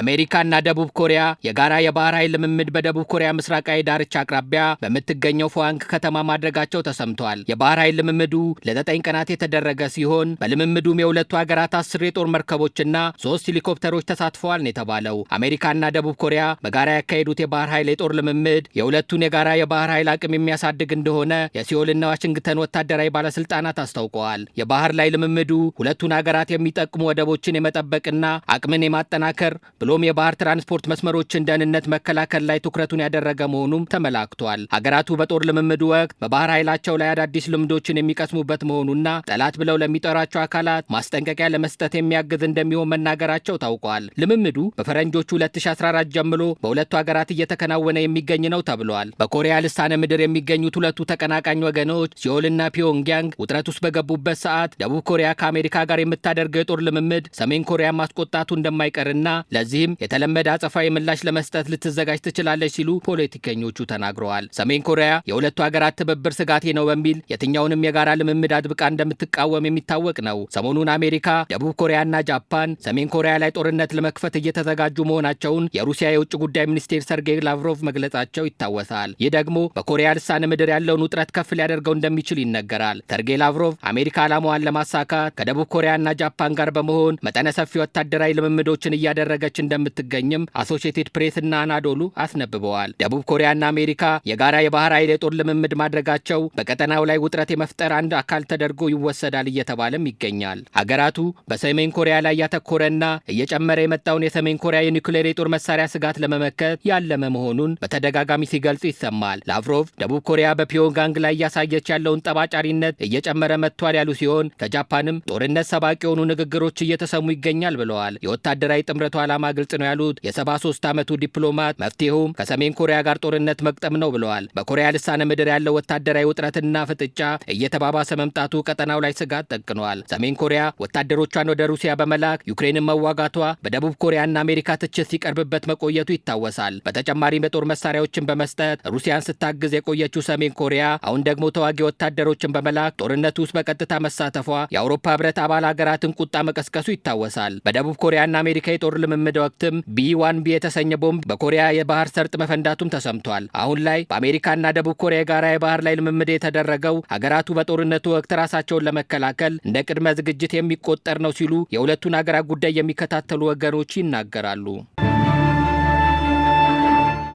አሜሪካና ደቡብ ኮሪያ የጋራ የባህር ኃይል ልምምድ በደቡብ ኮሪያ ምስራቃዊ ዳርቻ አቅራቢያ በምትገኘው ፎዋንግ ከተማ ማድረጋቸው ተሰምቷል። የባህር ኃይል ልምምዱ ለዘጠኝ ቀናት የተደረገ ሲሆን በልምምዱም የሁለቱ ሀገራት አስር የጦር መርከቦችና ሶስት ሄሊኮፕተሮች ተሳትፈዋል ነው የተባለው። አሜሪካና ደቡብ ኮሪያ በጋራ ያካሄዱት የባህር ኃይል የጦር ልምምድ የሁለቱን የጋራ የባህር ኃይል አቅም የሚያሳድግ እንደሆነ የሲኦልና ዋሽንግተን ወታደራዊ ባለስልጣናት አስታውቀዋል። የባህር ላይ ልምምዱ ሁለቱን ሀገራት የሚጠቅሙ ወደቦችን የመጠበቅና አቅምን የማጠናከር ብሎ ሎም የባህር ትራንስፖርት መስመሮችን ደህንነት መከላከል ላይ ትኩረቱን ያደረገ መሆኑም ተመላክቷል። ሀገራቱ በጦር ልምምዱ ወቅት በባህር ኃይላቸው ላይ አዳዲስ ልምዶችን የሚቀስሙበት መሆኑና ጠላት ብለው ለሚጠሯቸው አካላት ማስጠንቀቂያ ለመስጠት የሚያግዝ እንደሚሆን መናገራቸው ታውቋል። ልምምዱ በፈረንጆቹ 2014 ጀምሮ በሁለቱ ሀገራት እየተከናወነ የሚገኝ ነው ተብሏል። በኮሪያ ልሳነ ምድር የሚገኙት ሁለቱ ተቀናቃኝ ወገኖች ሲኦልና ፒዮንግያንግ ውጥረት ውስጥ በገቡበት ሰዓት ደቡብ ኮሪያ ከአሜሪካ ጋር የምታደርገው የጦር ልምምድ ሰሜን ኮሪያ ማስቆጣቱ እንደማይቀርና ለዚህ በዚህም የተለመደ አጸፋዊ ምላሽ ለመስጠት ልትዘጋጅ ትችላለች ሲሉ ፖለቲከኞቹ ተናግረዋል። ሰሜን ኮሪያ የሁለቱ ሀገራት ትብብር ስጋቴ ነው በሚል የትኛውንም የጋራ ልምምድ አጥብቃ እንደምትቃወም የሚታወቅ ነው። ሰሞኑን አሜሪካ፣ ደቡብ ኮሪያና ጃፓን ሰሜን ኮሪያ ላይ ጦርነት ለመክፈት እየተዘጋጁ መሆናቸውን የሩሲያ የውጭ ጉዳይ ሚኒስቴር ሰርጌይ ላቭሮቭ መግለጻቸው ይታወሳል። ይህ ደግሞ በኮሪያ ልሳነ ምድር ያለውን ውጥረት ከፍ ሊያደርገው እንደሚችል ይነገራል። ሰርጌይ ላቭሮቭ አሜሪካ ዓላማዋን ለማሳካት ከደቡብ ኮሪያና ጃፓን ጋር በመሆን መጠነ ሰፊ ወታደራዊ ልምምዶችን እያደረገች እንደምትገኝም አሶሺየትድ ፕሬስና አናዶሉ አስነብበዋል። ደቡብ ኮሪያና አሜሪካ የጋራ የባህር ኃይል የጦር ልምምድ ማድረጋቸው በቀጠናው ላይ ውጥረት የመፍጠር አንድ አካል ተደርጎ ይወሰዳል እየተባለም ይገኛል። ሀገራቱ በሰሜን ኮሪያ ላይ ያተኮረና እየጨመረ የመጣውን የሰሜን ኮሪያ የኒውክሌር የጦር መሳሪያ ስጋት ለመመከት ያለመ መሆኑን በተደጋጋሚ ሲገልጹ ይሰማል። ላቭሮቭ ደቡብ ኮሪያ በፒዮንጋንግ ላይ እያሳየች ያለውን ጠባጫሪነት እየጨመረ መጥቷል ያሉ ሲሆን ከጃፓንም ጦርነት ሰባቂ የሆኑ ንግግሮች እየተሰሙ ይገኛል ብለዋል። የወታደራዊ ጥምረቱ ዓላማ ግልጽ ነው ያሉት የ73 ዓመቱ ዲፕሎማት መፍትሄውም ከሰሜን ኮሪያ ጋር ጦርነት መቅጠም ነው ብለዋል። በኮሪያ ልሳነ ምድር ያለው ወታደራዊ ውጥረትና ፍጥጫ እየተባባሰ መምጣቱ ቀጠናው ላይ ስጋት ጠቅኗል። ሰሜን ኮሪያ ወታደሮቿን ወደ ሩሲያ በመላክ ዩክሬንን መዋጋቷ በደቡብ ኮሪያና አሜሪካ ትችት ሲቀርብበት መቆየቱ ይታወሳል። በተጨማሪም የጦር መሳሪያዎችን በመስጠት ሩሲያን ስታግዝ የቆየችው ሰሜን ኮሪያ አሁን ደግሞ ተዋጊ ወታደሮችን በመላክ ጦርነቱ ውስጥ በቀጥታ መሳተፏ የአውሮፓ ህብረት አባል ሀገራትን ቁጣ መቀስቀሱ ይታወሳል። በደቡብ ኮሪያና አሜሪካ የጦር ልምምድ ወቅትም ዋን ቢ የተሰኘ ቦምብ በኮሪያ የባህር ሰርጥ መፈንዳቱም ተሰምቷል። አሁን ላይ በአሜሪካና ደቡብ ኮሪያ ጋር የባህር ላይ ልምምድ የተደረገው ሀገራቱ በጦርነቱ ወቅት ራሳቸውን ለመከላከል እንደ ቅድመ ዝግጅት የሚቆጠር ነው ሲሉ የሁለቱን ሀገራት ጉዳይ የሚከታተሉ ወገኖች ይናገራሉ።